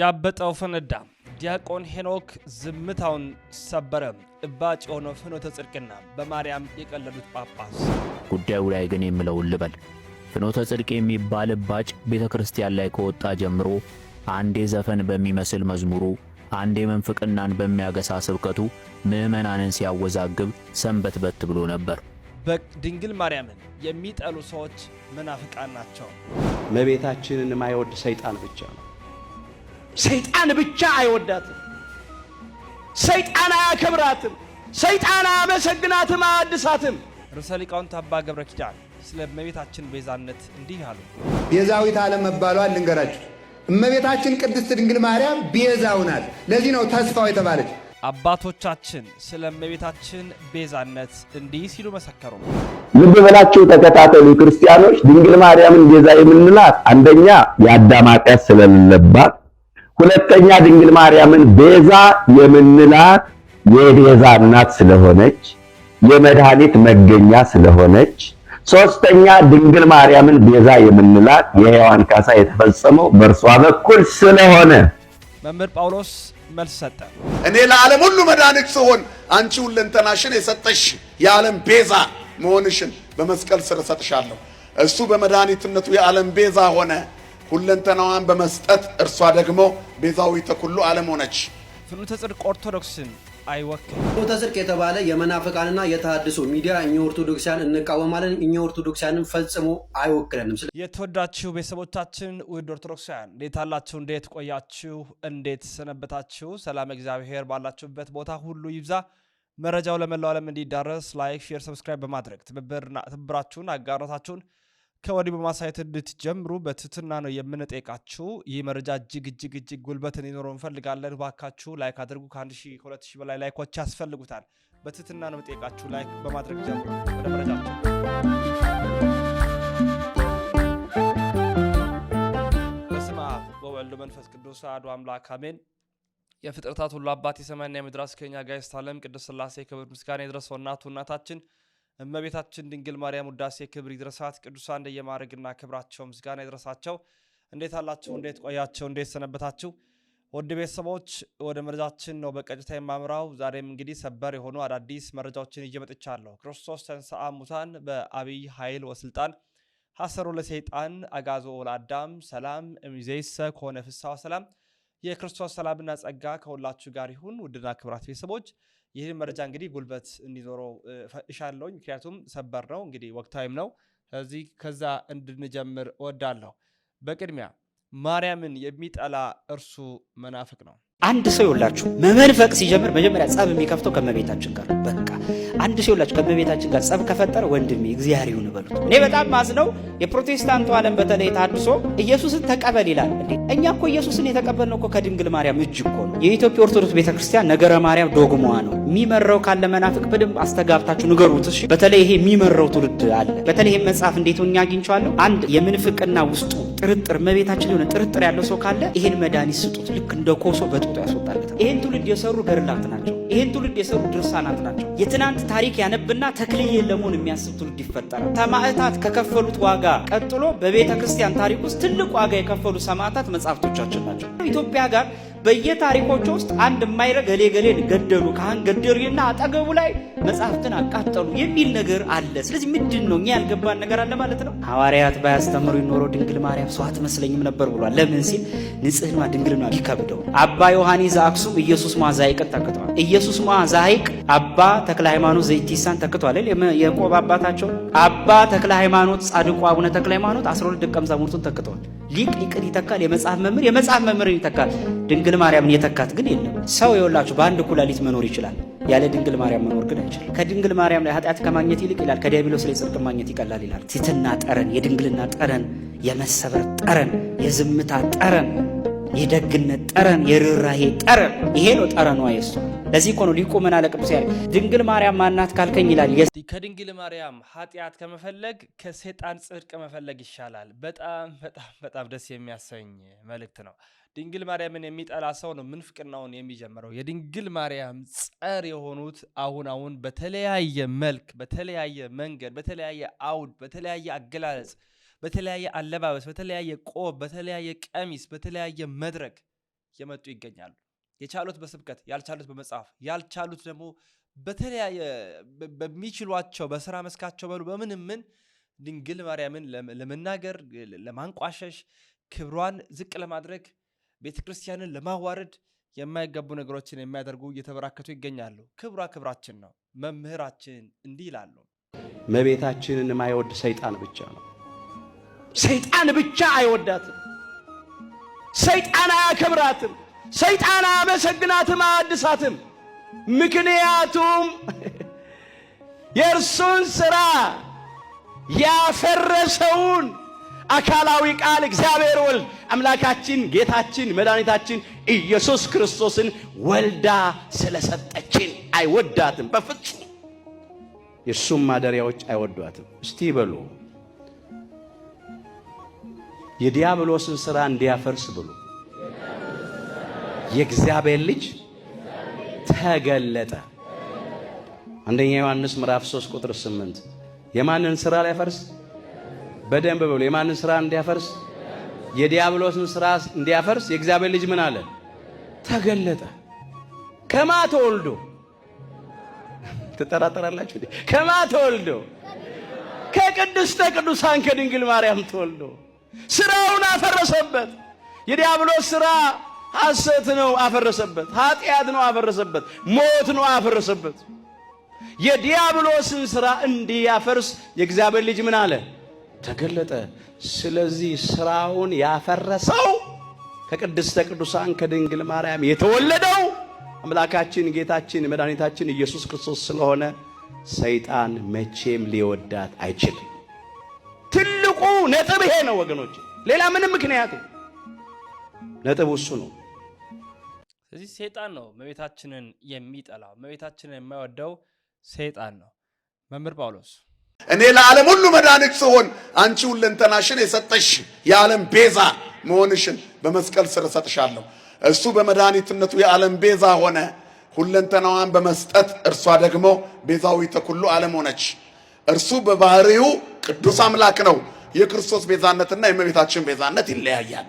ያበጠው ፈነዳ። ዲያቆን ሄኖክ ዝምታውን ሰበረ። እባጭ የሆነው ፍኖተ ጽድቅና በማርያም የቀለዱት ጳጳስ ጉዳዩ ላይ ግን የምለውን ልበል። ፍኖተ ጽድቅ የሚባል እባጭ ቤተ ክርስቲያን ላይ ከወጣ ጀምሮ አንዴ ዘፈን በሚመስል መዝሙሩ፣ አንዴ መንፍቅናን በሚያገሳ ስብከቱ ምዕመናንን ሲያወዛግብ ሰንበት በት ብሎ ነበር። በድንግል ማርያምን የሚጠሉ ሰዎች መናፍቃን ናቸው። መቤታችንን የማይወድ ሰይጣን ብቻ ነው። ሰይጣን ብቻ አይወዳትም። ሰይጣን አያከብራትም። ሰይጣን አያመሰግናትም፣ አያድሳትም። ርዕሰ ሊቃውንት አባ ገብረ ኪዳን ስለ እመቤታችን ቤዛነት እንዲህ አሉ። ቤዛዊት አለመባሏን ልንገራችሁ። እመቤታችን ቅድስት ድንግል ማርያም ቤዛው ናት። ለዚህ ነው ተስፋው የተባለች። አባቶቻችን ስለ እመቤታችን ቤዛነት እንዲህ ሲሉ መሰከሩ። ልብ በላችሁ ተከታተሉ ክርስቲያኖች። ድንግል ማርያምን ቤዛ የምንላት አንደኛ የአዳም ኃጢአት ስለሌለባት ሁለተኛ ድንግል ማርያምን ቤዛ የምንላት የቤዛ እናት ስለሆነች የመድኃኒት መገኛ ስለሆነች፣ ሶስተኛ ድንግል ማርያምን ቤዛ የምንላት የሕያዋን ካሳ የተፈጸመው በእርሷ በኩል ስለሆነ መምህር ጳውሎስ መልስ ሰጠ። እኔ ለዓለም ሁሉ መድኃኒት ስሆን አንቺ ሁለንተናሽን የሰጠሽ የዓለም ቤዛ መሆንሽን በመስቀል ስር እሰጥሻለሁ። እሱ በመድኃኒትነቱ የዓለም ቤዛ ሆነ። ሁለንተናዋን በመስጠት እርሷ ደግሞ ቤዛዊተ ኩሉ ዓለም ሆነች። ፍኖተ ጽድቅ ኦርቶዶክስን አይወክል ፍኖተ ጽድቅ የተባለ የመናፍቃንና የተሃድሶ ሚዲያ እኛ ኦርቶዶክሲያን እንቃወማለን። እኛ ኦርቶዶክሲያንን ፈጽሞ አይወክለንም። የተወዳችሁ ቤተሰቦቻችን ውድ ኦርቶዶክሳውያን እንዴት አላችሁ? እንዴት ቆያችሁ? እንዴት ሰነበታችሁ? ሰላም እግዚአብሔር ባላችሁበት ቦታ ሁሉ ይብዛ። መረጃው ለመላው ዓለም እንዲዳረስ ላይክ፣ ሼር፣ ሰብስክራይብ በማድረግ ትብብራችሁን አጋሮታችሁን ከወዲህ በማሳየት እንድትጀምሩ በትህትና ነው የምንጠይቃችሁ። ይህ መረጃ እጅግ እጅግ እጅግ ጉልበት እንዲኖረው እንፈልጋለን። ባካችሁ ላይክ አድርጉ። ከአንድ ሺ ከሁለት ሺ በላይ ላይኮች ያስፈልጉታል። በትህትና ነው የምጠይቃችሁ። ላይክ በማድረግ ጀምሩ። ወደ መረጃችሁ በስመ መንፈስ ቅዱስ አሐዱ አምላክ አሜን። የፍጥረታት ሁሉ አባት የሰማይና የምድር አስገኛ ጋይስት ዓለም ቅድስት ሥላሴ ክብር ምስጋና የድረሰው እናቱ እናታችን እመቤታችን ድንግል ማርያም ውዳሴ ክብር ይድረሳት። ቅዱሳን እንደየማዕረግና ክብራቸው ምስጋና ይድረሳቸው። እንዴት አላችሁ? እንዴት ቆያቸው? እንዴት ሰነበታችሁ? ወድ ቤተሰቦች ወደ መረጃችን ነው በቀጥታ የማምራው። ዛሬም እንግዲህ ሰበር የሆኑ አዳዲስ መረጃዎችን እየመጥቻለሁ። ክርስቶስ ተንሥአ እሙታን በአብይ ኃይል ወስልጣን ሀሰሮ ለሰይጣን አጋዞ ለአዳም ሰላም እምይእዜሰ ኮነ ፍስሐ ወሰላም የክርስቶስ ሰላምና ጸጋ ከሁላችሁ ጋር ይሁን። ውድና ክብራት ቤተሰቦች ይህን መረጃ እንግዲህ ጉልበት እንዲኖረው እሻለውኝ ምክንያቱም ሰበር ነው እንግዲህ ወቅታዊም ነው። ከዚህ ከዛ እንድንጀምር ወዳለሁ በቅድሚያ ማርያምን የሚጠላ እርሱ መናፍቅ ነው። አንድ ሰው ይወላችሁ መመንፈቅ ሲጀምር መጀመሪያ ጸብ የሚከፍተው ከመቤታችን ጋር በቃ አንድ ሰው ላችሁ ከእመቤታችን ጋር ጸብ ከፈጠረ ወንድሜ እግዚአብሔር ይሁን በሉት። እኔ በጣም ማዝነው የፕሮቴስታንቱ ዓለም በተለይ ታድሶ ኢየሱስን ተቀበል ይላል። እንዴ እኛ እኮ ኢየሱስን የተቀበልነው እኮ ከድንግል ማርያም እጅ እኮ ነው። የኢትዮጵያ ኦርቶዶክስ ቤተክርስቲያን ነገረ ማርያም ዶግማዋ ነው። የሚመራው ካለ መናፍቅ በደንብ አስተጋብታችሁ ንገሩት እሺ። በተለይ ይሄ የሚመራው ትውልድ አለ። በተለይ ይሄ መጽሐፍ እንዴት ሆኛ አግኝቼዋለሁ። አንድ የምንፍቅና ውስጡ ጥርጥር እመቤታችን የሆነ ጥርጥር ያለው ሰው ካለ ይሄን መድኃኒት ስጡት፣ ልክ እንደ ኮሶ በጡጦ ያስወጣለታል። ይሄን ትውልድ የሰሩ ገርላት ናቸው። ይሄን ትውልድ የሰሩ ድርሳናት ናቸው። የትናንት ታሪክ ያነብና ተክልዬ ለመሆን የሚያስብ ትውልድ ይፈጠራል። ሰማዕታት ከከፈሉት ዋጋ ቀጥሎ በቤተ ክርስቲያን ታሪክ ውስጥ ትልቅ ዋጋ የከፈሉ ሰማዕታት መጽሐፍቶቻችን ናቸው። ኢትዮጵያ ጋር በየታሪኮች ውስጥ አንድ የማይረግ እሌ ገሌን ገደሉ፣ ካህን ገደሉና አጠገቡ ላይ መጽሐፍትን አቃጠሉ የሚል ነገር አለ። ስለዚህ ምንድን ነው እኛ ያልገባን ነገር አለ ማለት ነው። ሐዋርያት ባያስተምሩ ይኖሮ ድንግል ማርያም ሰው አትመስለኝም ነበር ብሏል። ለምን ሲል ንጽህና ድንግልና ቢከብደው። አባ ዮሐኒ ዘአክሱም ኢየሱስ ሞዐ ዘሐይቅን ተክተዋል። ኢየሱስ ሞዐ አባ ተክለ ሃይማኖት ዘኢቲሳን ተክተዋል። የቆብ አባታቸው አባ ተክለ ሃይማኖት ጻድቁ አቡነ ተክለ ሃይማኖት 12 ደቀ መዛሙርቱን ተክተዋል። ሊቅ ሊቅን ይተካል። የመጽሐፍ መምህር የመጽሐፍ መምህርን ይተካል። ድንግል ማርያምን የተካት ግን የለም። ሰው የወላችሁ በአንድ ኩላሊት መኖር ይችላል። ያለ ድንግል ማርያም መኖር ግን አይችልም። ከድንግል ማርያም ላይ ኃጢአት ከማግኘት ይልቅ ይላል ከዲያብሎስ ላይ ጽድቅ ማግኘት ይቀላል ይላል። ትትና ጠረን፣ የድንግልና ጠረን፣ የመሰበር ጠረን፣ የዝምታ ጠረን የደግነት ጠረን፣ የርኅራሄ ጠረን፣ ይሄ ነው ጠረኗ የእሷ። ለዚህ እኮ ነው ሊቁ ምን አለ ቅዱስ ያለ ድንግል ማርያም ማናት ካልከኝ ይላል። ከድንግል ማርያም ኃጢአት ከመፈለግ ከሴጣን ጽድቅ መፈለግ ይሻላል። በጣም በጣም በጣም ደስ የሚያሰኝ መልእክት ነው። ድንግል ማርያምን የሚጠላ ሰው ነው ምንፍቅናውን የሚጀምረው። የድንግል ማርያም ጸር የሆኑት አሁን አሁን በተለያየ መልክ፣ በተለያየ መንገድ፣ በተለያየ አውድ፣ በተለያየ አገላለጽ በተለያየ አለባበስ፣ በተለያየ ቆብ፣ በተለያየ ቀሚስ፣ በተለያየ መድረክ የመጡ ይገኛሉ። የቻሉት በስብከት ያልቻሉት በመጽሐፍ ያልቻሉት ደግሞ በተለያየ በሚችሏቸው በስራ መስካቸው በሉ በምን ምን ድንግል ማርያምን ለመናገር ለማንቋሸሽ፣ ክብሯን ዝቅ ለማድረግ፣ ቤተ ክርስቲያንን ለማዋረድ የማይገቡ ነገሮችን የሚያደርጉ እየተበራከቱ ይገኛሉ። ክብሯ ክብራችን ነው። መምህራችን እንዲህ ይላሉ፣ መቤታችንን የማይወድ ሰይጣን ብቻ ነው። ሰይጣን ብቻ አይወዳትም። ሰይጣን አያከብራትም። ሰይጣን አያመሰግናትም፣ አያድሳትም። ምክንያቱም የእርሱን ሥራ ያፈረሰውን አካላዊ ቃል እግዚአብሔር ወልድ አምላካችን ጌታችን መድኃኒታችን ኢየሱስ ክርስቶስን ወልዳ ስለሰጠችን አይወዳትም፣ በፍጹም የእርሱም ማደሪያዎች አይወዷትም። እስቲ በሉ የዲያብሎስን ሥራ እንዲያፈርስ ብሎ የእግዚአብሔር ልጅ ተገለጠ። አንደኛ ዮሐንስ ምዕራፍ 3 ቁጥር 8 የማንን ሥራ ሊያፈርስ? በደንብ ብሎ የማንን ሥራ እንዲያፈርስ? የዲያብሎስን ሥራ እንዲያፈርስ የእግዚአብሔር ልጅ ምን አለ? ተገለጠ። ከማ ተወልዶ ትጠራጠራላችሁ? ከማ ተወልዶ ከቅድስተ ቅዱሳን ከድንግል ማርያም ተወልዶ ስራውን አፈረሰበት። የዲያብሎስ ስራ ሐሰት ነው፣ አፈረሰበት። ኃጢአት ነው፣ አፈረሰበት። ሞት ነው፣ አፈረሰበት። የዲያብሎስን ስራ እንዲያፈርስ የእግዚአብሔር ልጅ ምን አለ? ተገለጠ። ስለዚህ ስራውን ያፈረሰው ከቅድስተ ቅዱሳን ከድንግል ማርያም የተወለደው አምላካችን ጌታችን መድኃኒታችን ኢየሱስ ክርስቶስ ስለሆነ ሰይጣን መቼም ሊወዳት አይችልም። ትልቁ ነጥብ ይሄ ነው ወገኖች። ሌላ ምንም ምክንያት ነጥብ እሱ ነው። ስለዚህ ሰይጣን ነው መቤታችንን የሚጠላው፣ መቤታችንን የማይወደው ሰይጣን ነው። መምህር ጳውሎስ እኔ ለዓለም ሁሉ መድኃኒት ስሆን አንቺ ሁለንተናሽን የሰጠሽ የዓለም ቤዛ መሆንሽን በመስቀል ስር እሰጥሻለሁ። እሱ በመድኃኒትነቱ የዓለም ቤዛ ሆነ፣ ሁለንተናዋን በመስጠት እርሷ ደግሞ ቤዛዊተ ኩሉ ዓለም ሆነች። እርሱ በባህሪው ቅዱስ አምላክ ነው። የክርስቶስ ቤዛነትና የእመቤታችን ቤዛነት ይለያያል።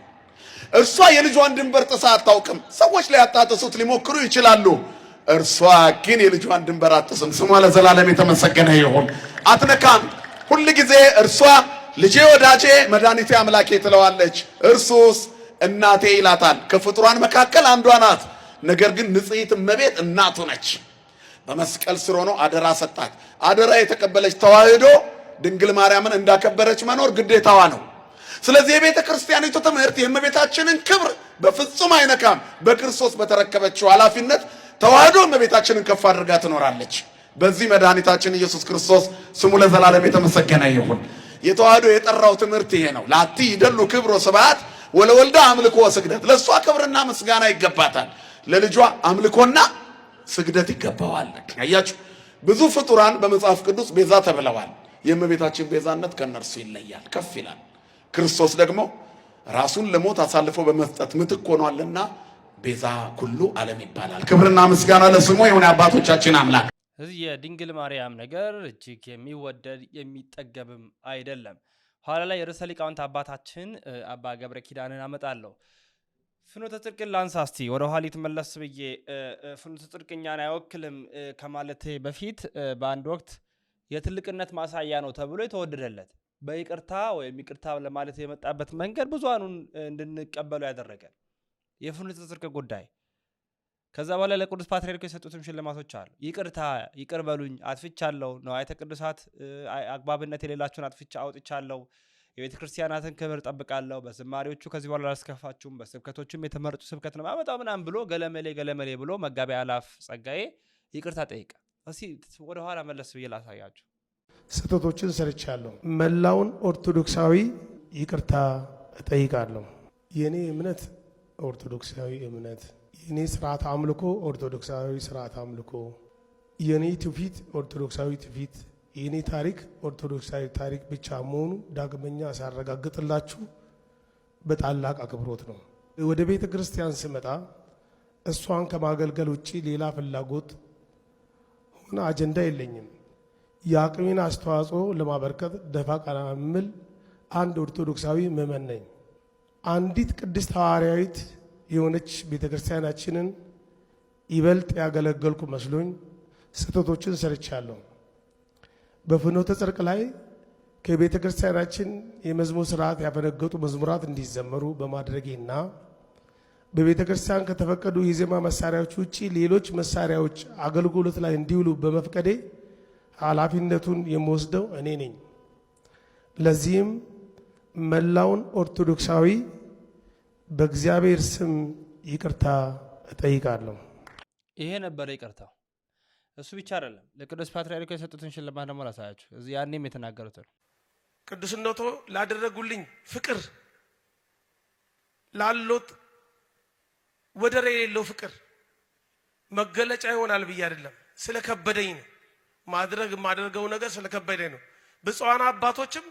እርሷ የልጇን ድንበር ጥሳ አታውቅም። ሰዎች ላይ አጣጥሱት ሊሞክሩ ይችላሉ። እርሷ ግን የልጇን ድንበር አጥስም። ስሟ ለዘላለም የተመሰገነ ይሁን። አትነካም። ሁል ጊዜ እርሷ ልጄ፣ ወዳጄ፣ መድኃኒቴ፣ አምላኬ ትለዋለች። እርሱስ እናቴ ይላታል። ከፍጡራን መካከል አንዷ ናት። ነገር ግን ንጽሕት እመቤት እናቱ ነች። በመስቀል ስር ሆኖ አደራ ሰጣት። አደራ የተቀበለች ተዋህዶ ድንግል ማርያምን እንዳከበረች መኖር ግዴታዋ ነው። ስለዚህ የቤተ ክርስቲያኒቱ ትምህርት የእመቤታችንን ክብር በፍጹም አይነካም። በክርስቶስ በተረከበችው ኃላፊነት ተዋህዶ እመቤታችንን ከፍ አድርጋ ትኖራለች። በዚህ መድኃኒታችን ኢየሱስ ክርስቶስ ስሙ ለዘላለም የተመሰገነ ይሁን። የተዋህዶ የጠራው ትምህርት ይሄ ነው። ላቲ ይደሉ ክብሮ ስብሐት ወለወልዳ አምልኮ ስግደት። ለእሷ ክብርና ምስጋና ይገባታል፣ ለልጇ አምልኮና ስግደት ይገባዋል። አያችሁ ብዙ ፍጡራን በመጽሐፍ ቅዱስ ቤዛ ተብለዋል። የእመቤታችን ቤዛነት ከእነርሱ ይለያል፣ ከፍ ይላል። ክርስቶስ ደግሞ ራሱን ለሞት አሳልፎ በመስጠት ምትክ ሆኗልና ቤዛ ሁሉ ዓለም ይባላል። ክብርና ምስጋና ለስሙ የሆነ አባቶቻችን አምላክ። እዚህ የድንግል ማርያም ነገር እጅግ የሚወደድ የሚጠገብም አይደለም። ኋላ ላይ ርዕሰ ሊቃውንት አባታችን አባ ገብረ ኪዳንን አመጣለሁ። ፍኖተ ጽድቅን ላንሳ እስቲ ወደ ኋሊት መለስ ብዬ ፍኖተ ጽድቅ እኛን አይወክልም ከማለቴ በፊት በአንድ ወቅት የትልቅነት ማሳያ ነው ተብሎ የተወደደለት በይቅርታ ወይም ይቅርታ ለማለት የመጣበት መንገድ ብዙሃኑን እንድንቀበሉ ያደረገ የፍኖተ ጽድቅ ጉዳይ። ከዛ በኋላ ለቅዱስ ፓትርያርኩ የሰጡትም ሽልማቶች አሉ። ይቅርታ ይቅር በሉኝ አጥፍቻለሁ፣ ንዋያተ ቅዱሳት አግባብነት የሌላቸውን አጥፍቻ አውጥቻለሁ፣ የቤተ ክርስቲያናትን ክብር ጠብቃለሁ፣ በዝማሬዎቹ ከዚህ በኋላ አላስከፋችሁም፣ በስብከቶቹም የተመረጡ ስብከት ነው ማመጣው ምናምን ብሎ ገለመሌ ገለመሌ ብሎ መጋቢያ አእላፍ ጸጋዬ ይቅርታ ጠይቀ እስኪ ወደኋላ መለስ ብዬ ላሳያችሁ። ስህተቶችን ሰርቻለሁ። መላውን ኦርቶዶክሳዊ ይቅርታ እጠይቃለሁ። የእኔ እምነት ኦርቶዶክሳዊ እምነት፣ የእኔ ስርዓት አምልኮ ኦርቶዶክሳዊ ስርዓት አምልኮ፣ የእኔ ትውፊት ኦርቶዶክሳዊ ትውፊት፣ የእኔ ታሪክ ኦርቶዶክሳዊ ታሪክ ብቻ መሆኑ ዳግመኛ ሳረጋግጥላችሁ በታላቅ አክብሮት ነው። ወደ ቤተ ክርስቲያን ስመጣ እሷን ከማገልገል ውጭ ሌላ ፍላጎት እና አጀንዳ የለኝም። የአቅሜን አስተዋጽኦ ለማበርከት ደፋ ቀና የምል አንድ ኦርቶዶክሳዊ ምዕመን ነኝ። አንዲት ቅድስት ሐዋርያዊት የሆነች ቤተ ክርስቲያናችንን ይበልጥ ያገለገልኩ መስሎኝ ስህተቶችን ሰርቻለሁ። በፍኖተ ጽድቅ ላይ ከቤተ ክርስቲያናችን የመዝሙር ስርዓት ያፈነገጡ መዝሙራት እንዲዘመሩ በማድረጌና በቤተ ክርስቲያን ከተፈቀዱ የዜማ መሳሪያዎች ውጭ ሌሎች መሳሪያዎች አገልግሎት ላይ እንዲውሉ በመፍቀዴ ኃላፊነቱን የምወስደው እኔ ነኝ። ለዚህም መላውን ኦርቶዶክሳዊ በእግዚአብሔር ስም ይቅርታ እጠይቃለሁ። ይሄ ነበረ ይቅርታው። እሱ ብቻ አይደለም፣ ለቅዱስ ፓትርያርኩ የሰጡትን ሽልማት ደግሞ ላሳያችሁ። ያኔም የተናገሩትን ቅዱስነቶ ላደረጉልኝ ፍቅር ላሉት ወደር የሌለው ፍቅር መገለጫ ይሆናል ብዬ አይደለም፣ ስለከበደኝ ነው ማድረግ የማደርገው ነገር ስለከበደኝ ነው። ብፁዓን አባቶችም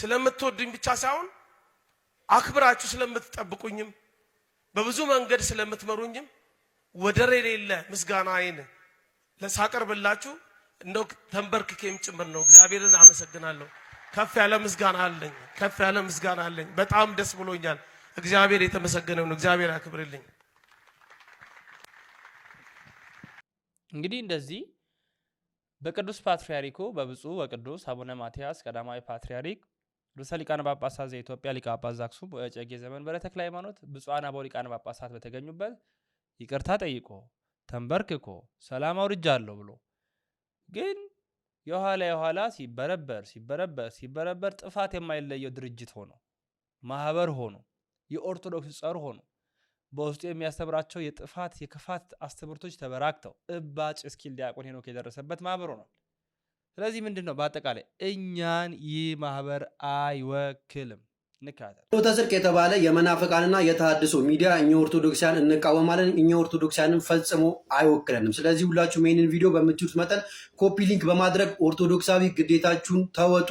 ስለምትወዱኝ ብቻ ሳይሆን አክብራችሁ ስለምትጠብቁኝም በብዙ መንገድ ስለምትመሩኝም ወደር የሌለ አይን ለሳቀርብላችሁ እንደው ተንበርክኬም ጭምር ነው። እግዚአብሔርን አመሰግናለሁ። ከፍ ያለ ምስጋና አለኝ። ከፍ ያለ ምስጋና አለኝ። በጣም ደስ ብሎኛል። እግዚአብሔር የተመሰገነ ነው። እግዚአብሔር አክብርልኝ እንግዲህ እንደዚህ በቅዱስ ፓትሪያሪኩ በብፁ በቅዱስ አቡነ ማትያስ ቀዳማዊ ፓትርያርክ ርዕሰ ሊቃነ ጳጳሳት ዘኢትዮጵያ ሊቀ ጳጳስ ዘአክሱም ወእጨጌ ዘመን ተክለ ሃይማኖት ብፁዓን አበው ሊቃነ ጳጳሳት በተገኙበት ይቅርታ ጠይቆ ተንበርክኮ ሰላም አለው ብሎ ግን የኋላ የኋላ ሲበረበር ሲበረበር ሲበረበር ጥፋት የማይለየው ድርጅት ሆኖ ማህበር ሆኖ የኦርቶዶክስ ጸር ሆኑ። በውስጡ የሚያስተምራቸው የጥፋት የክፋት አስተምህርቶች ተበራክተው እባጭ እስኪል ዲያቆን ሄኖክ የደረሰበት ማህበር ሆኗል። ስለዚህ ምንድን ነው በአጠቃላይ እኛን ይህ ማህበር አይወክልም። ፍኖተ ጽድቅ የተባለ የመናፍቃንና የተሃድሶ ሚዲያ እኛ ኦርቶዶክሲያን እንቃወማለን። እኛ ኦርቶዶክሲያንን ፈጽሞ አይወክለንም። ስለዚህ ሁላችሁም ይህንን ቪዲዮ በምትችሉት መጠን ኮፒ ሊንክ በማድረግ ኦርቶዶክሳዊ ግዴታችሁን ተወጡ።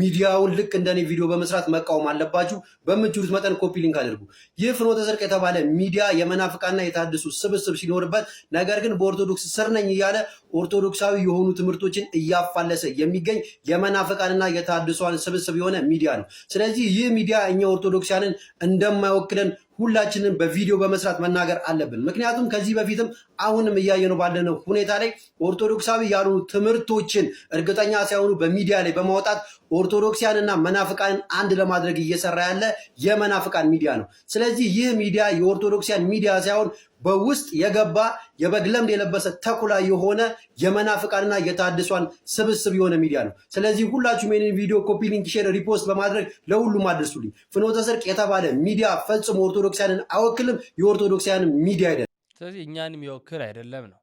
ሚዲያውን ልክ እንደኔ ቪዲዮ በመስራት መቃወም አለባችሁ። በምትችሉት መጠን ኮፒ ሊንክ አድርጉ። ይህ ፍኖተ የተባለ ሚዲያ የመናፍቃንና የተሃድሶ ስብስብ ሲኖርበት፣ ነገር ግን በኦርቶዶክስ ስር ነኝ እያለ ኦርቶዶክሳዊ የሆኑ ትምህርቶችን እያፋለሰ የሚገኝ የመናፍቃንና የተሃድሷን ስብስብ የሆነ ሚዲያ ነው። ስለዚህ ይህ ሚዲያ እኛ ኦርቶዶክሳንን እንደማይወክለን ሁላችንም በቪዲዮ በመስራት መናገር አለብን። ምክንያቱም ከዚህ በፊትም አሁንም እያየነው ባለነው ሁኔታ ላይ ኦርቶዶክሳዊ ያልሆኑ ትምህርቶችን እርግጠኛ ሳይሆኑ በሚዲያ ላይ በማውጣት ኦርቶዶክሲያንና መናፍቃንን አንድ ለማድረግ እየሰራ ያለ የመናፍቃን ሚዲያ ነው። ስለዚህ ይህ ሚዲያ የኦርቶዶክሲያን ሚዲያ ሳይሆን በውስጥ የገባ የበግ ለምድ የለበሰ ተኩላ የሆነ የመናፍቃንና የታድሷን ስብስብ የሆነ ሚዲያ ነው። ስለዚህ ሁላችሁም ይህንን ቪዲዮ ኮፒ፣ ሊንክ፣ ሼር፣ ሪፖስት በማድረግ ለሁሉም አድርሱልኝ። ፍኖተ ሰርቅ የተባለ ሚዲያ ፈጽሞ ኦርቶዶክስ ኦርቶዶክሳያንን አይወክልም፣ የኦርቶዶክሳያንን ሚዲያ አይደለም። ስለዚህ እኛን የሚወክል አይደለም ነው።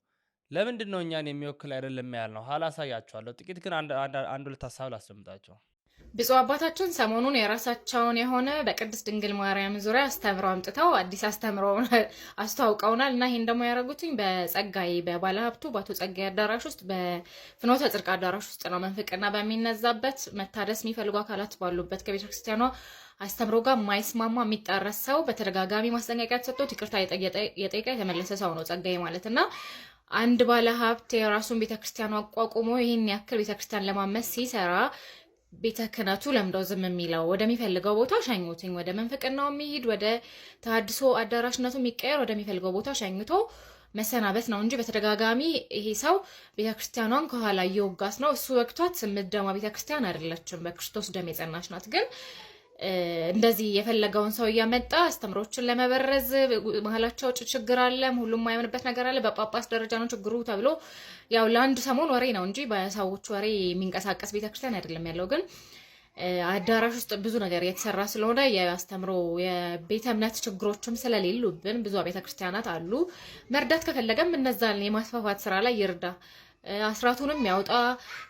ለምንድን ነው እኛን የሚወክል አይደለም ያልነው? ኋላ አሳያችኋለሁ። ጥቂት ግን አንድ ሁለት ሀሳብ ላስደምጣቸው። ብፁዕ አባታችን ሰሞኑን የራሳቸውን የሆነ በቅድስት ድንግል ማርያም ዙሪያ አስተምረው አምጥተው አዲስ አስተምረው አስተዋውቀውናል እና ይህን ደግሞ ያደረጉትኝ በጸጋይ በባለ ሀብቱ በአቶ ጸጋይ አዳራሽ ውስጥ በፍኖተ ጽድቅ አዳራሽ ውስጥ ነው። መንፍቅና በሚነዛበት መታደስ የሚፈልጉ አካላት ባሉበት ከቤተ ክርስቲያኗ አስተምሮ ጋር ማይስማማ የሚጣረስ ሰው በተደጋጋሚ ማስጠንቀቂያ ተሰጥቶት ይቅርታ የጠየቀ የተመለሰ ሰው ነው ጸጋይ ማለት እና አንድ ባለሀብት የራሱን ቤተክርስቲያን አቋቁሞ ይህን ያክል ቤተክርስቲያን ለማመስ ሲሰራ ቤተ ክህነቱ ለምደው ዝም የሚለው ወደሚፈልገው ቦታ ሸኙትኝ፣ ወደ ምንፍቅናው የሚሄድ ወደ ተሀድሶ አዳራሽነቱ የሚቀየር ወደሚፈልገው ቦታ ሸኝቶ መሰናበት ነው እንጂ በተደጋጋሚ ይሄ ሰው ቤተክርስቲያኗን ከኋላ እየወጋት ነው። እሱ ወቅቷት የምትደማ ቤተክርስቲያን አይደለችም፣ በክርስቶስ ደም የጸናች ናት ግን እንደዚህ የፈለገውን ሰው እያመጣ አስተምሮችን ለመበረዝ መሀላቸው ችግር አለ። ሁሉም የምንበት ነገር አለ። በጳጳስ ደረጃ ነው ችግሩ ተብሎ ያው ለአንድ ሰሞን ወሬ ነው እንጂ በሰዎች ወሬ የሚንቀሳቀስ ቤተክርስቲያን አይደለም ያለው። ግን አዳራሽ ውስጥ ብዙ ነገር የተሰራ ስለሆነ የአስተምሮ የቤተ እምነት ችግሮችም ስለሌሉብን ብዙ ቤተክርስቲያናት አሉ። መርዳት ከፈለገም እነዛን የማስፋፋት ስራ ላይ ይርዳ። አስራቱንም ያውጣ።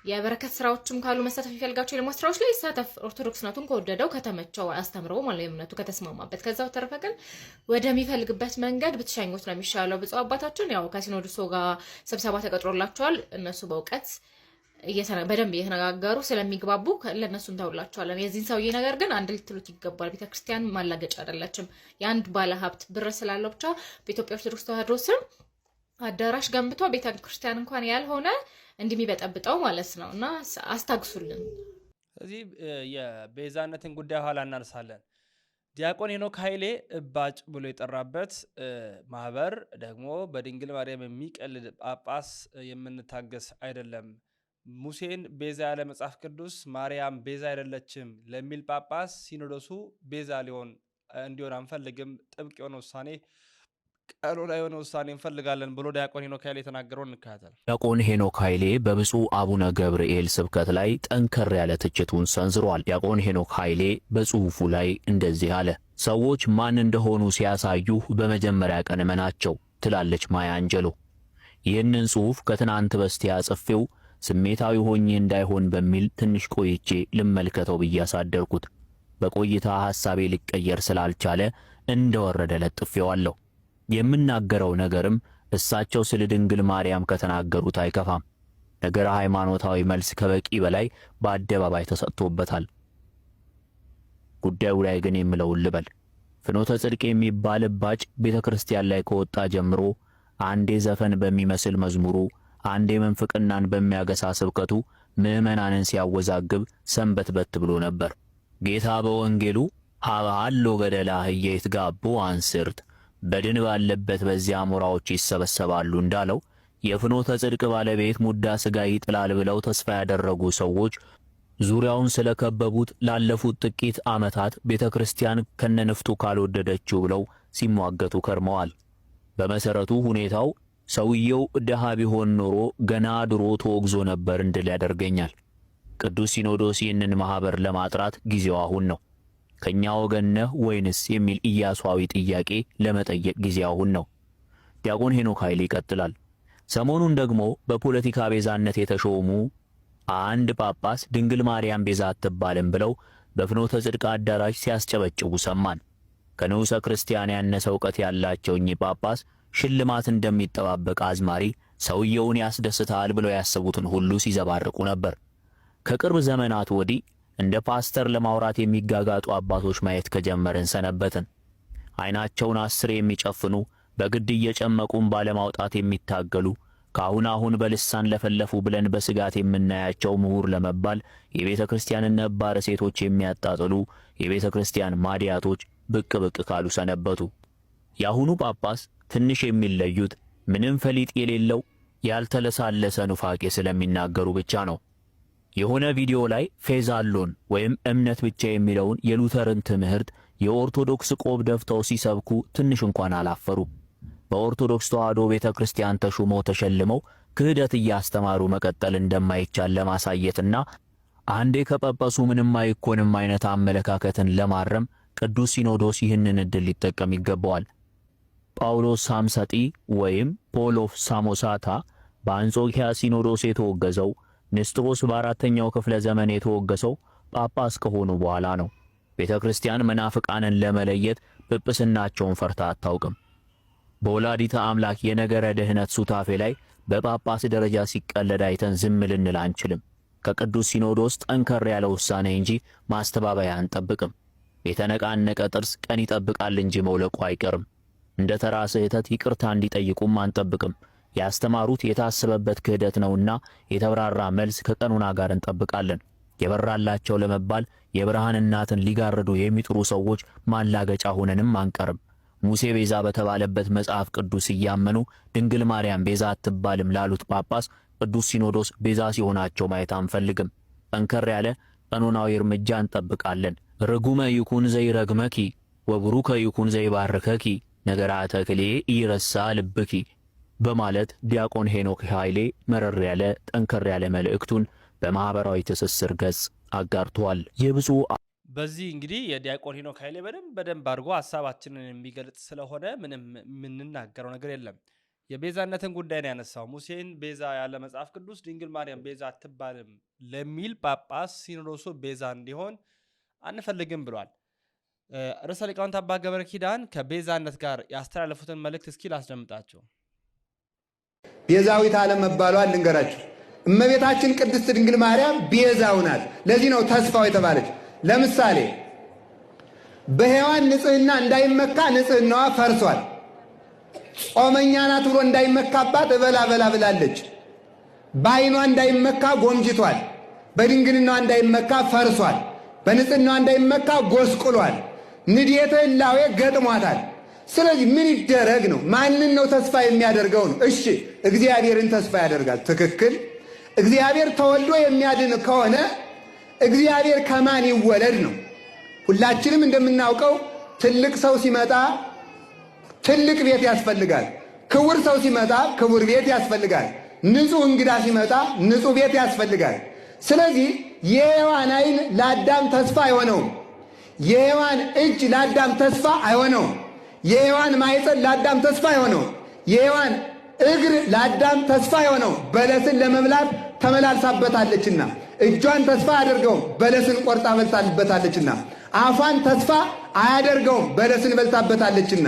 የበረከት ስራዎችም ካሉ መሳተፍ የሚፈልጋቸው የልማት ስራዎች ላይ ይሳተፍ። ኦርቶዶክስነቱን ከወደደው ከተመቸው አስተምረው ማለት የእምነቱ ከተስማማበት። ከዛ በተረፈ ግን ወደሚፈልግበት መንገድ ብትሸኙት ነው የሚሻለው። ብፁዕ አባታችን ያው ከሲኖዶሱ ጋር ስብሰባ ተቀጥሮላቸዋል። እነሱ በእውቀት በደንብ እየተነጋገሩ ስለሚግባቡ ለእነሱ እንተውላቸዋለን። የዚህን ሰውዬ ነገር ግን አንድ ልትሉት ይገባል። ቤተክርስቲያን ማላገጫ አይደለችም። የአንድ ባለሀብት ብር ስላለው ብቻ በኢትዮጵያ ኦርቶዶክስ ተዋህዶ ስም አዳራሽ ገንብቶ ቤተ ክርስቲያን እንኳን ያልሆነ እንደሚበጠብጠው ማለት ነው። እና አስታግሱልን። እዚህ የቤዛነትን ጉዳይ ኋላ እናነሳለን። ዲያቆን ሄኖክ ኃይሌ እባጭ ብሎ የጠራበት ማህበር ደግሞ በድንግል ማርያም የሚቀልድ ጳጳስ የምንታገስ አይደለም። ሙሴን ቤዛ ያለ መጽሐፍ ቅዱስ ማርያም ቤዛ አይደለችም ለሚል ጳጳስ ሲኖዶሱ ቤዛ ሊሆን እንዲሆን አንፈልግም። ጥብቅ የሆነ ውሳኔ ቀኖና የሆነ ውሳኔ እንፈልጋለን ብሎ ዲያቆን ሄኖክ ኃይሌ የተናገረውን እንካተል። ዲያቆን ሄኖክ ኃይሌ በብፁዕ አቡነ ገብርኤል ስብከት ላይ ጠንከር ያለ ትችቱን ሰንዝሯል። ዲያቆን ሄኖክ ኃይሌ በጽሑፉ ላይ እንደዚህ አለ። ሰዎች ማን እንደሆኑ ሲያሳዩ በመጀመሪያ ቀን እመናቸው ትላለች ማያ አንጀሎ። ይህንን ጽሑፍ ከትናንት በስቲያ ጽፌው ስሜታዊ ሆኜ እንዳይሆን በሚል ትንሽ ቆይቼ ልመልከተው ብዬ አሳደርኩት። በቆይታ ሐሳቤ ሊቀየር ስላልቻለ እንደወረደ ለጥፌዋለሁ። የምናገረው ነገርም እሳቸው ስለ ድንግል ማርያም ከተናገሩት አይከፋም። ነገረ ሃይማኖታዊ መልስ ከበቂ በላይ በአደባባይ ተሰጥቶበታል። ጉዳዩ ላይ ግን የምለውን ልበል። ፍኖተ ጽድቅ የሚባል እባጭ ቤተ ክርስቲያን ላይ ከወጣ ጀምሮ አንዴ ዘፈን በሚመስል መዝሙሩ፣ አንዴ መንፍቅናን በሚያገሳ ስብከቱ ምዕመናንን ሲያወዛግብ ሰንበት በት ብሎ ነበር። ጌታ በወንጌሉ አሎ ገደላ ህየት ጋቦ አንስርት በድን ባለበት በዚያ አሞራዎች ይሰበሰባሉ እንዳለው የፍኖተ ጽድቅ ባለቤት ሙዳ ሥጋ ይጥላል ብለው ተስፋ ያደረጉ ሰዎች ዙሪያውን ስለከበቡት ላለፉት ጥቂት ዓመታት ቤተ ክርስቲያን ከነንፍቱ ካልወደደችው ብለው ሲሟገቱ ከርመዋል። በመሠረቱ ሁኔታው ሰውየው ድሃ ቢሆን ኖሮ ገና ድሮ ተወግዞ ነበር እንድል ያደርገኛል። ቅዱስ ሲኖዶስ ይህንን ማኅበር ለማጥራት ጊዜው አሁን ነው። ከእኛ ወገን ነህ ወይንስ የሚል ኢያሷዊ ጥያቄ ለመጠየቅ ጊዜ አሁን ነው። ዲያቆን ሄኖክ ኃይል ይቀጥላል። ሰሞኑን ደግሞ በፖለቲካ ቤዛነት የተሾሙ አንድ ጳጳስ ድንግል ማርያም ቤዛ አትባልም ብለው በፍኖተ ጽድቅ አዳራሽ ሲያስጨበጭቡ ሰማን። ከንዑሰ ክርስቲያን ያነሰ እውቀት ያላቸው እኚህ ጳጳስ ሽልማት እንደሚጠባበቅ አዝማሪ ሰውየውን ያስደስታል ብለው ያሰቡትን ሁሉ ሲዘባርቁ ነበር። ከቅርብ ዘመናት ወዲህ እንደ ፓስተር ለማውራት የሚጋጋጡ አባቶች ማየት ከጀመርን ሰነበትን። አይናቸውን አስር የሚጨፍኑ በግድ እየጨመቁን ባለማውጣት የሚታገሉ ከአሁን አሁን በልሳን ለፈለፉ ብለን በስጋት የምናያቸው ምሁር ለመባል የቤተ ክርስቲያንን ነባር ሴቶች የሚያጣጥሉ የቤተ ክርስቲያን ማዲያቶች ብቅ ብቅ ካሉ ሰነበቱ። የአሁኑ ጳጳስ ትንሽ የሚለዩት ምንም ፈሊጥ የሌለው ያልተለሳለሰ ኑፋቄ ስለሚናገሩ ብቻ ነው። የሆነ ቪዲዮ ላይ ፌዛሎን ወይም እምነት ብቻ የሚለውን የሉተርን ትምህርት የኦርቶዶክስ ቆብ ደፍተው ሲሰብኩ ትንሽ እንኳን አላፈሩ። በኦርቶዶክስ ተዋሕዶ ቤተ ክርስቲያን ተሹመው ተሸልመው ክህደት እያስተማሩ መቀጠል እንደማይቻል ለማሳየትና አንዴ ከጳጳሱ ምንም አይኮንም አይነት አመለካከትን ለማረም ቅዱስ ሲኖዶስ ይህንን ዕድል ሊጠቀም ይገባዋል። ጳውሎስ ሳምሰጢ ወይም ፖል ኦፍ ሳሞሳታ በአንጾኪያ ሲኖዶስ የተወገዘው ንስጥሮስ በአራተኛው ክፍለ ዘመን የተወገሰው ጳጳስ ከሆኑ በኋላ ነው። ቤተ ክርስቲያን መናፍቃንን ለመለየት ጵጵስናቸውን ፈርታ አታውቅም። በወላዲተ አምላክ የነገረ ደህነት ሱታፌ ላይ በጳጳስ ደረጃ ሲቀለድ አይተን ዝም ልንል አንችልም። ከቅዱስ ሲኖዶስ ጠንከር ያለ ውሳኔ እንጂ ማስተባበያ አንጠብቅም። የተነቃነቀ ጥርስ ቀን ይጠብቃል እንጂ መውለቁ አይቀርም። እንደ ተራ ስህተት ይቅርታ እንዲጠይቁም አንጠብቅም። ያስተማሩት የታሰበበት ክህደት ነውና የተብራራ መልስ ከቀኑና ጋር እንጠብቃለን። የበራላቸው ለመባል የብርሃን እናትን ሊጋርዱ የሚጥሩ ሰዎች ማላገጫ ሆነንም አንቀርም። ሙሴ ቤዛ በተባለበት መጽሐፍ ቅዱስ እያመኑ ድንግል ማርያም ቤዛ አትባልም ላሉት ጳጳስ ቅዱስ ሲኖዶስ ቤዛ ሲሆናቸው ማየት አንፈልግም። ጠንከር ያለ ቀኖናዊ እርምጃ እንጠብቃለን። ርጉመ ይኩን ዘይረግመኪ ወብሩከ ይኩን ዘይባርከኪ ነገራተ ክልኤ ኢረሳ ልብኪ በማለት ዲያቆን ሄኖክ ኃይሌ መረር ያለ ጠንከር ያለ መልእክቱን በማህበራዊ ትስስር ገጽ አጋርተዋል። የብፁዕ በዚህ እንግዲህ የዲያቆን ሄኖክ ኃይሌ በደንብ በደንብ አድርጎ ሀሳባችንን የሚገልጽ ስለሆነ ምንም የምንናገረው ነገር የለም። የቤዛነትን ጉዳይ ነው ያነሳው። ሙሴን ቤዛ ያለ መጽሐፍ ቅዱስ ድንግል ማርያም ቤዛ አትባልም ለሚል ጳጳስ ሲኖዶሱ ቤዛ እንዲሆን አንፈልግም ብሏል። ርዕሰ ሊቃውንት አባ ገብረ ኪዳን ከቤዛነት ጋር ያስተላለፉትን መልእክት እስኪ ላስደምጣቸው። ቤዛዊት ዓለም መባሏን ልንገራችሁ። እመቤታችን ቅድስት ድንግል ማርያም ቤዛው ናት። ለዚህ ነው ተስፋው የተባለች። ለምሳሌ በሔዋን ንጽህና እንዳይመካ ንጽህናዋ ፈርሷል። ጾመኛ ናት ብሎ እንዳይመካባት እበላ በላ ብላለች። በዓይኗ እንዳይመካ ጎምጅቷል። በድንግልናዋ እንዳይመካ ፈርሷል። በንጽህና እንዳይመካ ጎስቁሏል። ንዴተ እላዌ ገጥሟታል። ስለዚህ ምን ይደረግ ነው? ማንን ነው ተስፋ የሚያደርገው ነው? እሺ እግዚአብሔርን ተስፋ ያደርጋል። ትክክል። እግዚአብሔር ተወልዶ የሚያድን ከሆነ እግዚአብሔር ከማን ይወለድ ነው? ሁላችንም እንደምናውቀው ትልቅ ሰው ሲመጣ ትልቅ ቤት ያስፈልጋል። ክቡር ሰው ሲመጣ ክቡር ቤት ያስፈልጋል። ንጹሕ እንግዳ ሲመጣ ንጹሕ ቤት ያስፈልጋል። ስለዚህ የሔዋን ዓይን ለአዳም ተስፋ አይሆነውም። የሔዋን እጅ ለአዳም ተስፋ አይሆነውም። የሔዋን ማይፀን ለአዳም ተስፋ የሆነው የሔዋን እግር ለአዳም ተስፋ የሆነው በለስን ለመብላት ተመላልሳበታለችና፣ እጇን ተስፋ አድርገው በለስን ቆርጣ በልታበታለችና፣ አፏን ተስፋ አያደርገውም በለስን በልታበታለችና፣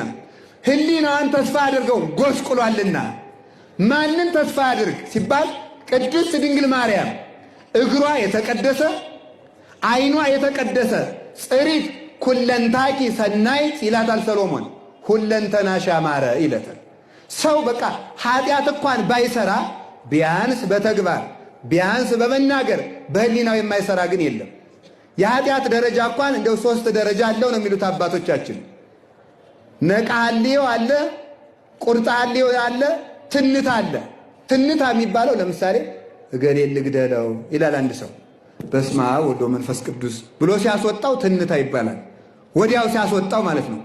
ህሊናዋን ተስፋ አድርገው ጎስቁሏልና። ማንን ተስፋ አድርግ ሲባል ቅድስት ድንግል ማርያም እግሯ የተቀደሰ አይኗ የተቀደሰ ጽሪት ኩለንታኪ ሰናይ ይላታል ሰሎሞን። ሁለንተናሽ አማረ ይለታል። ሰው በቃ ኃጢአት እንኳን ባይሰራ ቢያንስ በተግባር ቢያንስ በመናገር በህሊናው የማይሰራ ግን የለም። የኃጢአት ደረጃ እንኳን እንደው ሶስት ደረጃ አለው ነው የሚሉት አባቶቻችን። ነቃልዮ አለ፣ ቁርጣልዮ አለ፣ ትንታ አለ። ትንታ የሚባለው ለምሳሌ እገሌን ልግደለው ይላል አንድ ሰው በስመ አብ ወወልድ ወመንፈስ ቅዱስ ብሎ ሲያስወጣው ትንታ ይባላል። ወዲያው ሲያስወጣው ማለት ነው።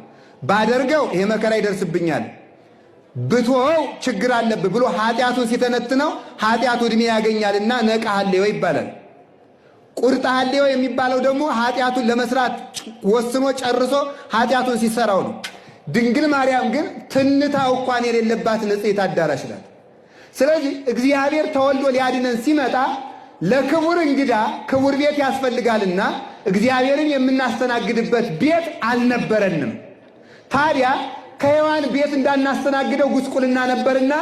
ባደርገው ይሄ መከራ ይደርስብኛል፣ ብትወው ችግር አለብ ብሎ ኃጢአቱን ሲተነትነው ኃጢአቱ ዕድሜ ያገኛልና ነቃ ሀሌዮ ይባላል። ቁርጥ ሀሌዮ የሚባለው ደግሞ ኃጢአቱን ለመስራት ወስኖ ጨርሶ ኃጢአቱን ሲሰራው ነው። ድንግል ማርያም ግን ትንታ እንኳን የሌለባት ንጽሕት አዳራሽ ናት። ስለዚህ እግዚአብሔር ተወልዶ ሊያድነን ሲመጣ ለክቡር እንግዳ ክቡር ቤት ያስፈልጋልና እግዚአብሔርን የምናስተናግድበት ቤት አልነበረንም። ታዲያ ከሔዋን ቤት እንዳናስተናግደው ጉስቁልና ነበርና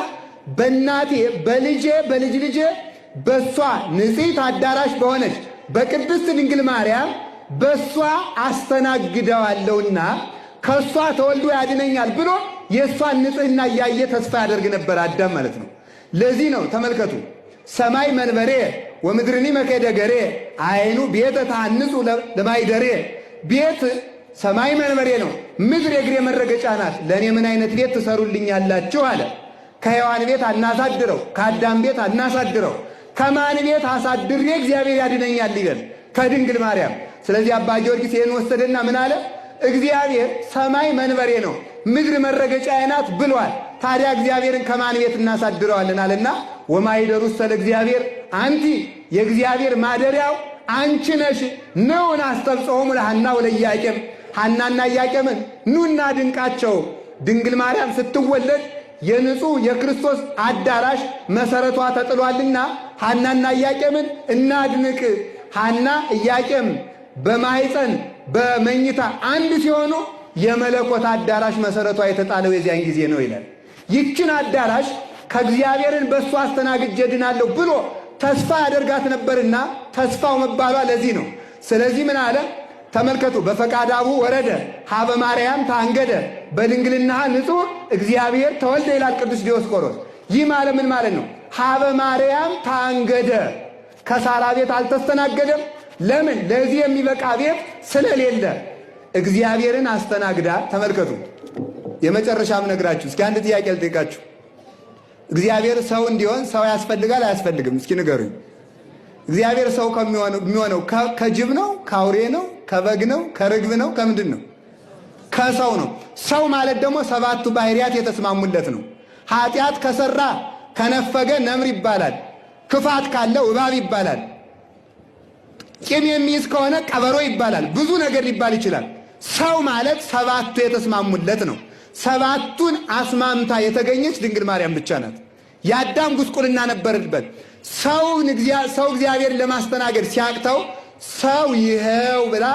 በእናቴ በልጄ በልጅ ልጄ በእሷ ንጽሕት አዳራሽ በሆነች በቅድስት ድንግል ማርያም በእሷ አስተናግደዋለውና ከእሷ ተወልዶ ያድነኛል ብሎ የእሷን ንጽሕና እያየ ተስፋ ያደርግ ነበር አዳም ማለት ነው። ለዚህ ነው ተመልከቱ፣ ሰማይ መንበሬ ወምድርኒ መከደገሬ አይኑ ቤተ ታንጹ ለማይደሬ ቤት ሰማይ መንበሬ ነው፣ ምድር የእግሬ መረገጫ ናት። ለእኔ ምን አይነት ቤት ትሰሩልኛላችሁ አለ። ከሔዋን ቤት አናሳድረው፣ ከአዳም ቤት አናሳድረው፣ ከማን ቤት አሳድሬ እግዚአብሔር ያድነኛል ይበል፣ ከድንግል ማርያም። ስለዚህ አባ ጊዮርጊስ ይህን ወሰደና ምን አለ? እግዚአብሔር ሰማይ መንበሬ ነው፣ ምድር መረገጫዬ ናት ብሏል። ታዲያ እግዚአብሔርን ከማን ቤት እናሳድረዋለን? አለና ወማይደሩ ሰለ እግዚአብሔር አንቲ የእግዚአብሔር ማደሪያው አንቺ ነሽ። ነውን አስተብጽሆሙ ለሐና ወለኢያቄም ሐናና ኢያቄምን ኑና ድንቃቸው። ድንግል ማርያም ስትወለድ የንጹሕ የክርስቶስ አዳራሽ መሰረቷ ተጥሏልና ሐናና ኢያቄምን እናድንቅ። ሐና ኢያቄም በማይፀን በመኝታ አንድ ሲሆኑ የመለኮት አዳራሽ መሰረቷ የተጣለው የዚያን ጊዜ ነው ይላል። ይችን አዳራሽ ከእግዚአብሔርን በእሱ አስተናግጄ ድናለሁ ብሎ ተስፋ ያደርጋት ነበርና ተስፋው መባሏ ለዚህ ነው። ስለዚህ ምን አለ? ተመልከቱ። በፈቃዳቡ ወረደ ሀበ ማርያም ታንገደ በድንግልና ንጹሕ እግዚአብሔር ተወልደ ይላል ቅዱስ ዲዮስቆሮስ። ይህ ማለት ምን ማለት ነው? ሀበ ማርያም ታንገደ ከሳራ ቤት አልተስተናገደም። ለምን? ለዚህ የሚበቃ ቤት ስለሌለ እግዚአብሔርን አስተናግዳ። ተመልከቱ። የመጨረሻም ነግራችሁ እስኪ አንድ ጥያቄ ልጠይቃችሁ። እግዚአብሔር ሰው እንዲሆን ሰው ያስፈልጋል አያስፈልግም? እስኪ ንገሩኝ። እግዚአብሔር ሰው ከሚሆነው ከጅብ ነው? ከአውሬ ነው? ከበግ ነው? ከርግብ ነው? ከምንድን ነው? ከሰው ነው። ሰው ማለት ደግሞ ሰባቱ ባህሪያት የተስማሙለት ነው። ኃጢአት ከሰራ ከነፈገ ነምር ይባላል። ክፋት ካለ እባብ ይባላል። ቂም የሚይዝ ከሆነ ቀበሮ ይባላል። ብዙ ነገር ሊባል ይችላል። ሰው ማለት ሰባቱ የተስማሙለት ነው። ሰባቱን አስማምታ የተገኘች ድንግል ማርያም ብቻ ናት። የአዳም ጉስቁልና ነበርበት። ሰው እግዚአብሔርን ለማስተናገድ ሲያቅተው ሰው ይኸው ብላ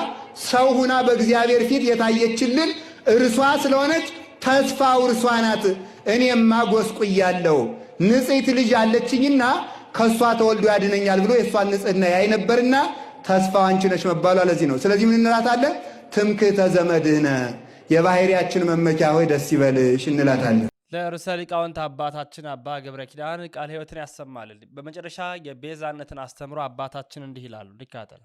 ሰው ሁና በእግዚአብሔር ፊት የታየችልን እርሷ ስለሆነች ተስፋው እርሷ ናት። እኔማ ጎስቁያለሁ፣ ንጽሕት ልጅ አለችኝና ከእሷ ተወልዶ ያድነኛል ብሎ የእሷን ንጽሕና ያይ ነበርና ተስፋው አንቺ ነች መባሏ ለዚህ ነው። ስለዚህ ምን እንላታለን? ትምክህተ ዘመድህነ የባሕርያችን መመኪያ ሆይ ደስ ይበልሽ እንላታለን። ለርዕሰ ሊቃውንት አባታችን አባ ገብረ ኪዳን ቃለ ሕይወትን ያሰማልን። በመጨረሻ የቤዛነትን አስተምሮ አባታችን እንዲህ ይላሉ። ሊካተል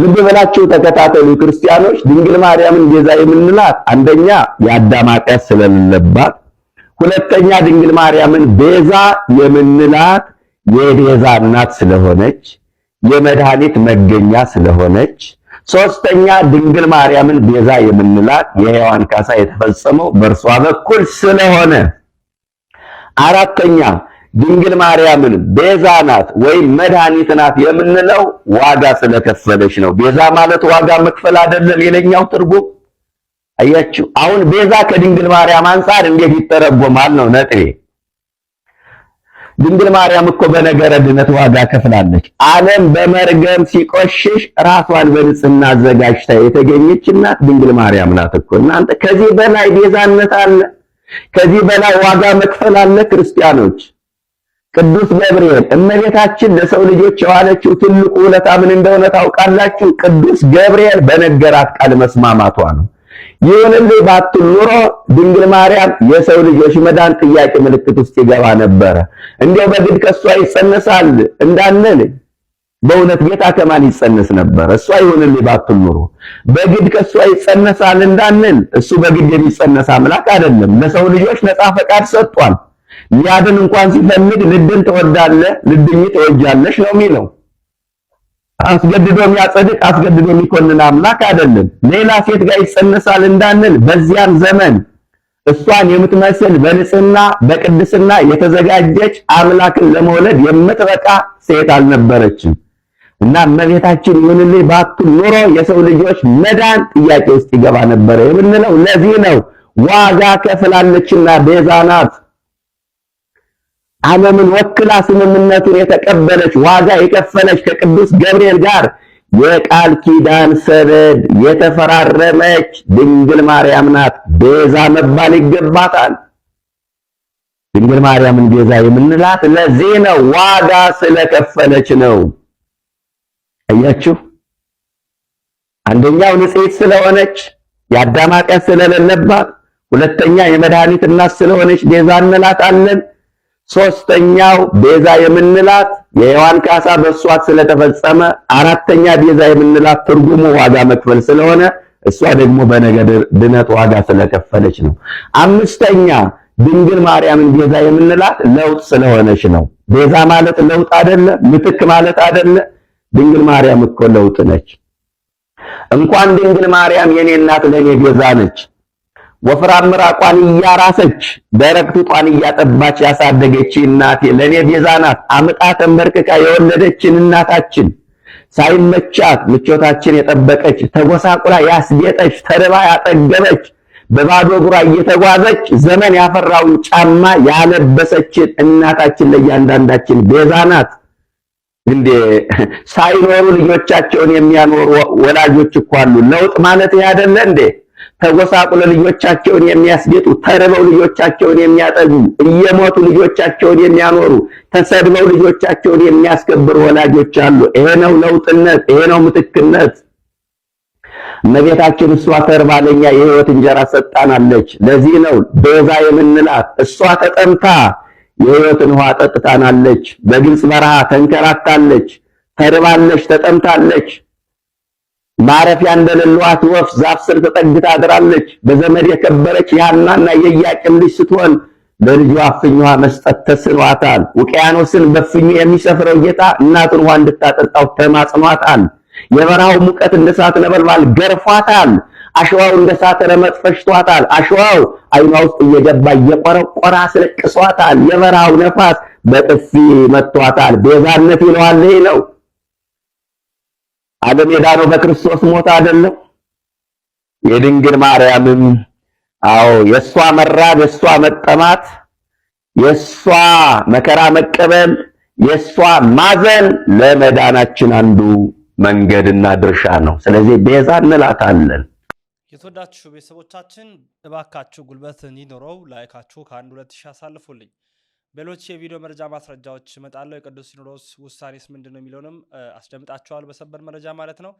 ልብ ብላችሁ ተከታተሉ ክርስቲያኖች። ድንግል ማርያምን ቤዛ የምንላት አንደኛ የአዳም ኃጢአት ስለሌለባት፣ ሁለተኛ ድንግል ማርያምን ቤዛ የምንላት የቤዛ እናት ስለሆነች የመድኃኒት መገኛ ስለሆነች፣ ሶስተኛ ድንግል ማርያምን ቤዛ የምንላት የሔዋን ካሳ የተፈጸመው በእርሷ በኩል ስለሆነ፣ አራተኛ ድንግል ማርያምን ቤዛ ናት ወይም መድኃኒት ናት የምንለው ዋጋ ስለከፈለች ነው። ቤዛ ማለት ዋጋ መክፈል አይደለም የለኛው ትርጉም አያችሁ። አሁን ቤዛ ከድንግል ማርያም አንፃር እንዴት ይተረጎማል ነው ነጥቤ። ድንግል ማርያም እኮ በነገረ ድነት ዋጋ ከፍላለች። ዓለም በመርገም ሲቆሽሽ ራሷን በንጽህና አዘጋጅታ የተገኘች እናት ድንግል ማርያም ናት እኮ። እናንተ ከዚህ በላይ ቤዛነት አለ? ከዚህ በላይ ዋጋ መክፈል አለ ክርስቲያኖች? ቅዱስ ገብርኤል እመቤታችን ለሰው ልጆች የዋለችው ትልቁ ውለታ ምን እንደሆነ ታውቃላችሁ? ቅዱስ ገብርኤል በነገራት ቃል መስማማቷ ነው። ይሁንልህ ባትል ኑሮ ድንግል ማርያም የሰው ልጆች መዳን ጥያቄ ምልክት ውስጥ ይገባ ነበረ። እንዲያው በግድ ከእሷ ይጸነሳል እንዳንል በእውነት ጌታ ከማን ይጸነስ ነበር? እሷ ይሁንልህ ባትል ኑሮ በግድ ከእሷ ይጸነሳል እንዳንል እሱ በግድ የሚጸነስ አምላክ አይደለም። ለሰው ልጆች ነፃ ፈቃድ ሰጥቷል። ሊያድን እንኳን ሲፈልግ ልድን ትወዳለህ ልድኝ ትወጃለሽ ነው የሚለው። አስገድዶ የሚያጸድቅ አስገድዶ የሚኮንን አምላክ አይደለም። ሌላ ሴት ጋር ይጸነሳል እንዳንል በዚያም ዘመን እሷን የምትመስል በንጽህና በቅድስና የተዘጋጀች አምላክን ለመውለድ የምትበቃ ሴት አልነበረችም እና እመቤታችን ይሁንልኝ ባቱ ኑሮ የሰው ልጆች መዳን ጥያቄ ውስጥ ይገባ ነበረ የምንለው ለዚህ ነው። ዋጋ ከፍላለችና ቤዛ ናት። ዓለምን ወክላ ስምምነቱን የተቀበለች ዋጋ የከፈለች ከቅዱስ ገብርኤል ጋር የቃል ኪዳን ሰነድ የተፈራረመች ድንግል ማርያም ናት። ቤዛ መባል ይገባታል። ድንግል ማርያምን ቤዛ የምንላት ለዚህ ነው፣ ዋጋ ስለከፈለች ነው። አያችሁ፣ አንደኛው ንጽሕት ስለሆነች የአዳም ኃጢአት ስለሌለባት፣ ሁለተኛ የመድኃኒት እናት ስለሆነች ቤዛ እንላታለን። ሶስተኛው ቤዛ የምንላት የሔዋን ካሳ በሷት ስለተፈጸመ፣ አራተኛ ቤዛ የምንላት ትርጉሙ ዋጋ መክፈል ስለሆነ እሷ ደግሞ በነገድ ድነት ዋጋ ስለከፈለች ነው። አምስተኛ ድንግል ማርያምን ቤዛ የምንላት ለውጥ ስለሆነች ነው። ቤዛ ማለት ለውጥ አይደለ? ምትክ ማለት አይደለ? ድንግል ማርያም እኮ ለውጥ ነች። እንኳን ድንግል ማርያም የኔ እናት ለኔ ቤዛ ነች። ወፍራም ምራቋን እያራሰች ደረቅ ጡቷን እያጠባች ያሳደገች እናቴ ለኔ ቤዛ ናት። አምጣ ተንበርክካ የወለደችን እናታችን ሳይመቻት ምቾታችን የጠበቀች ተጎሳቁላ ያስጌጠች ተርባ ያጠገበች በባዶ እግሯ እየተጓዘች ዘመን ያፈራውን ጫማ ያለበሰችን እናታችን ለእያንዳንዳችን ቤዛ ናት። እንዴ ሳይኖሩ ልጆቻቸውን የሚያኖሩ ወላጆች እኮ አሉ። ለውጥ ማለት ያደለ እንዴ? ተጎሳቁሎ ልጆቻቸውን የሚያስጌጡ፣ ተርበው ልጆቻቸውን የሚያጠጉ፣ እየሞቱ ልጆቻቸውን የሚያኖሩ፣ ተሰድበው ልጆቻቸውን የሚያስከብሩ ወላጆች አሉ። ይሄ ነው ለውጥነት፣ ይሄ ነው ምትክነት። እመቤታችን እሷ ተርባ ለኛ የህይወት እንጀራ ሰጣናለች። ለዚህ ነው ቤዛ የምንላት። እሷ ተጠምታ የህይወትን ውሃ ጠጥታናለች። በግልጽ በረሃ ተንከራታለች፣ ተርባለች፣ ተጠምታለች። ማረፊያ እንደሌሏት ወፍ ዛፍ ስር ተጠግታ አድራለች። በዘመድ የከበረች ያናና የኢያቄም ልጅ ስትሆን ለልጇ እፍኛዋ መስጠት ተስኗታል። ውቅያኖስን በእፍኙ የሚሰፍረው ጌታ እናቱን ውሃ እንድታጠጣው ተማጽኗታል። የበረሃው ሙቀት እንደ እሳት ነበልባል ገርፏታል። አሸዋው እንደ እሳት ረመጥ ፈሽቷታል። አሸዋው አይኗ ውስጥ እየገባ እየቆረቆራ አስለቅሷታል። የበረሃው ነፋስ በጥፊ መቷታል። ቤዛነት ይለዋል። ይህ ነው ዓለም የዳነው በክርስቶስ ሞት አይደለም? የድንግል ማርያምም አዎ የሷ መራብ፣ የሷ መጠማት፣ የሷ መከራ መቀበል፣ የሷ ማዘን ለመዳናችን አንዱ መንገድና ድርሻ ነው። ስለዚህ ቤዛ እንላታለን። የተወዳችሁ ቤተሰቦቻችን እባካችሁ ጉልበት እንዲኖረው ላይካችሁ ከአንድ ሁለት ሺህ አሳልፉልኝ። በሌሎች የቪዲዮ መረጃ ማስረጃዎች እመጣለሁ። የቅዱስ ሲኖዶስ ውሳኔስ ምንድን ነው የሚለውንም አስደምጣችኋል በሰበር መረጃ ማለት ነው።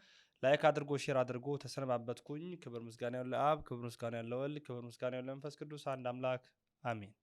ላይክ አድርጎ ሼር አድርጎ ተሰነባበትኩኝ። ክብር ምስጋና ለአብ፣ ክብር ምስጋና ለወልድ፣ ክብር ምስጋና ለመንፈስ ቅዱስ አንድ አምላክ አሜን።